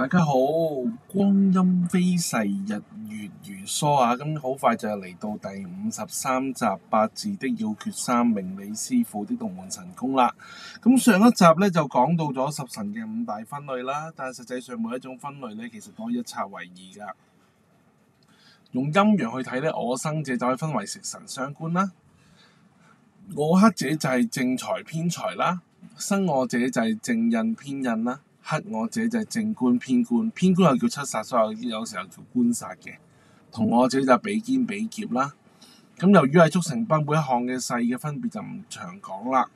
大家好，光陰飛逝，日月如梭啊！咁好快就嚟到第五十三集八字的要訣三，命理師傅的獨門神功啦。咁上一集咧就講到咗十神嘅五大分類啦，但係實際上每一種分類咧其實都一拆為二噶。用陰陽去睇咧，我生者就可以分為食神、傷官啦；我克者就係正財、偏財啦；生我者就係正印、偏印啦。剋我者就正官、偏官，偏官又叫七煞，所以有，有時候叫官煞嘅。同我者就比肩、比劫啦。咁由於係速成班，每一項嘅細嘅分別就唔長講啦。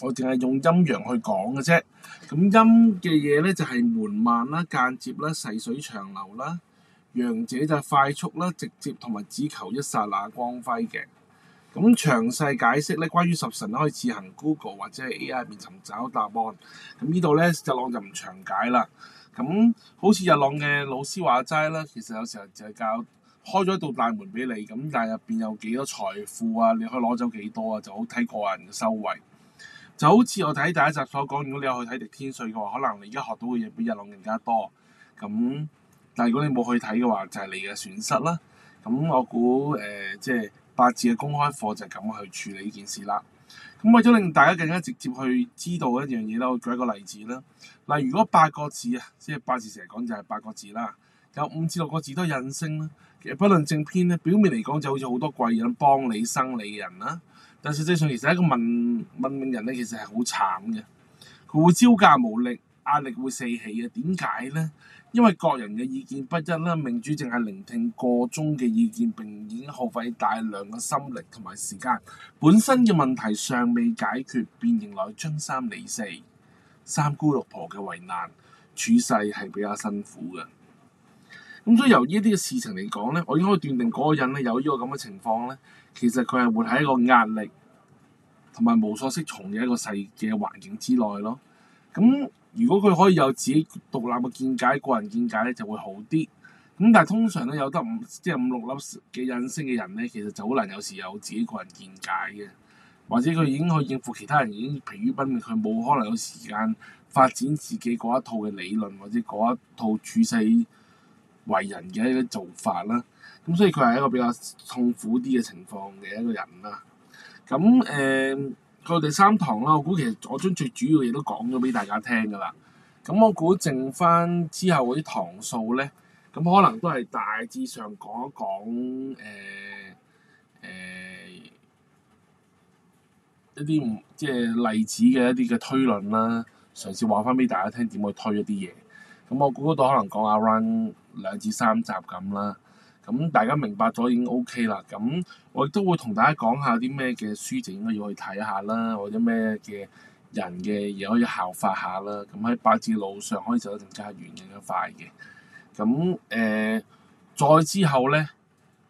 我淨係用陰陽去講嘅啫。咁陰嘅嘢咧，就係緩慢啦、間接啦、細水長流啦。陽者就快速啦、直接同埋只求一刹那光輝嘅。咁詳細解釋咧，關於十神咧可以自行 Google 或者喺 AI 入邊尋找答案。咁呢度咧，日浪就唔詳解啦。咁好似日浪嘅老師話齋啦，其實有時候就係教開咗一道大門俾你，咁但係入邊有幾多財富啊？你可以攞走幾多啊？就好睇個人嘅收穫。就好似我睇第一集所講，如果你有去睇《滴天髓》嘅話，可能你而家學到嘅嘢比日浪更加多。咁，但係如果你冇去睇嘅話，就係、是、你嘅損失啦。咁我估誒、呃、即係。八字嘅公開課就係咁去處理呢件事啦。咁為咗令大家更加直接去知道一樣嘢咧，我舉一個例子啦。嗱，如果八個字啊，即係八字成日講就係八個字啦，有五至六個字都印星啦。其實不論正偏咧，表面嚟講就好似好多貴人幫你生你人啦，但實際上其實一個問問命人咧，其實係好慘嘅，佢會招架無力。壓力會四起嘅，點解呢？因為各人嘅意見不一啦，明主淨係聆聽個中嘅意見，並已經耗費大量嘅心力同埋時間。本身嘅問題尚未解決，便迎來張三李四、三姑六婆嘅為難，處世係比較辛苦嘅。咁、嗯、所以由呢啲嘅事情嚟講呢，我應該可斷定嗰個人呢有呢個咁嘅情況呢，其實佢係活喺一個壓力同埋無所適從嘅一個世嘅環境之內咯。咁、嗯。如果佢可以有自己獨立嘅見解、個人見解咧，就會好啲。咁但係通常咧，有得五即係五六粒嘅隱性嘅人咧，其實就好難有時有自己個人見解嘅。或者佢已經去應付其他人已經疲於奔命，佢冇可能有時間發展自己嗰一套嘅理論，或者嗰一套處世為人嘅一啲做法啦。咁所以佢係一個比較痛苦啲嘅情況嘅一個人啦。咁誒。嗯。佢第三堂啦，我估其實我將最主要嘅嘢都講咗俾大家聽㗎啦。咁我估剩翻之後嗰啲堂數咧，咁可能都係大致上講一講誒誒一啲唔即係例子嘅一啲嘅推論啦。嘗試話翻俾大家聽點去推一啲嘢。咁我估嗰度可能講 around 兩至三集咁啦。咁大家明白咗已經 OK 啦，咁我亦都會同大家講下啲咩嘅書，就應該要去睇下啦，或者咩嘅人嘅嘢可以效法下啦，咁喺八字路上可以走得更加遠，更加快嘅。咁誒、呃，再之後咧，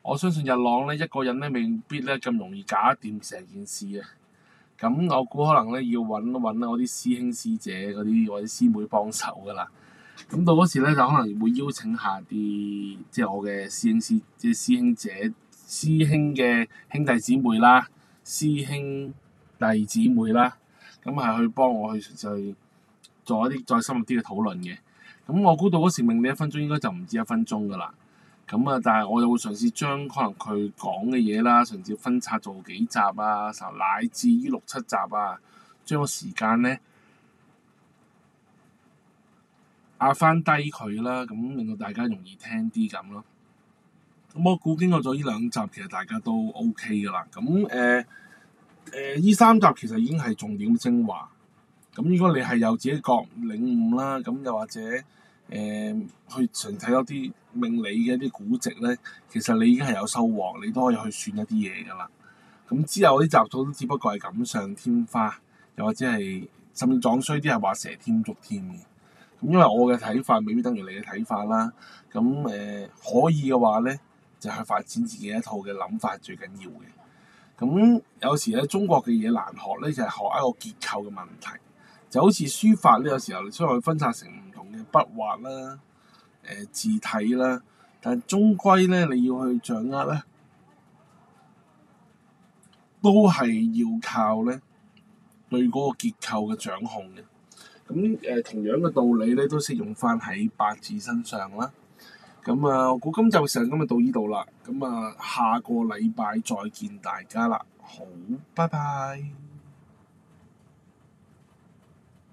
我相信日朗咧一個人咧未必咧咁容易搞掂成件事嘅，咁我估可能咧要揾一揾我啲師兄師姐嗰啲或者師妹幫手噶啦。咁到嗰時咧，就可能會邀請一下啲即係我嘅師兄師，即係師兄姐、師兄嘅兄弟姊妹啦，師兄弟姊妹啦，咁係去幫我去再做一啲再深入啲嘅討論嘅。咁我估到嗰時命理一分鐘，應該就唔止一分鐘噶啦。咁啊，但係我又會嘗試將可能佢講嘅嘢啦，嘗試分拆做幾集啊，乃至於六七集啊，將個時間咧，壓翻低佢啦，咁令到大家容易聽啲咁咯。咁我估經過咗呢兩集，其實大家都 O K 噶啦。咁誒誒，呢、呃呃、三集其實已經係重點精華。咁如果你係有自己覺領悟啦，咁又或者誒、呃、去純睇多啲命理嘅一啲古籍咧，其實你已經係有收穫，你都可以去算一啲嘢噶啦。咁之後啲集數都只不過係錦上添花，又或者係甚至仲衰啲係話蛇添足添。因為我嘅睇法未必等於你嘅睇法啦，咁誒、呃、可以嘅話咧，就是、去發展自己一套嘅諗法最緊要嘅。咁有時咧，中國嘅嘢難學咧，就係、是、學一個結構嘅問題。就好似書法呢，有時候你出去分拆成唔同嘅筆畫啦、誒、呃、字體啦，但係終歸咧，你要去掌握咧，都係要靠咧對嗰個結構嘅掌控嘅。咁誒同樣嘅道理咧，都適用翻喺八字身上啦。咁啊，我估今集嘅時間就到呢度啦。咁啊，下個禮拜再見大家啦。好，拜拜。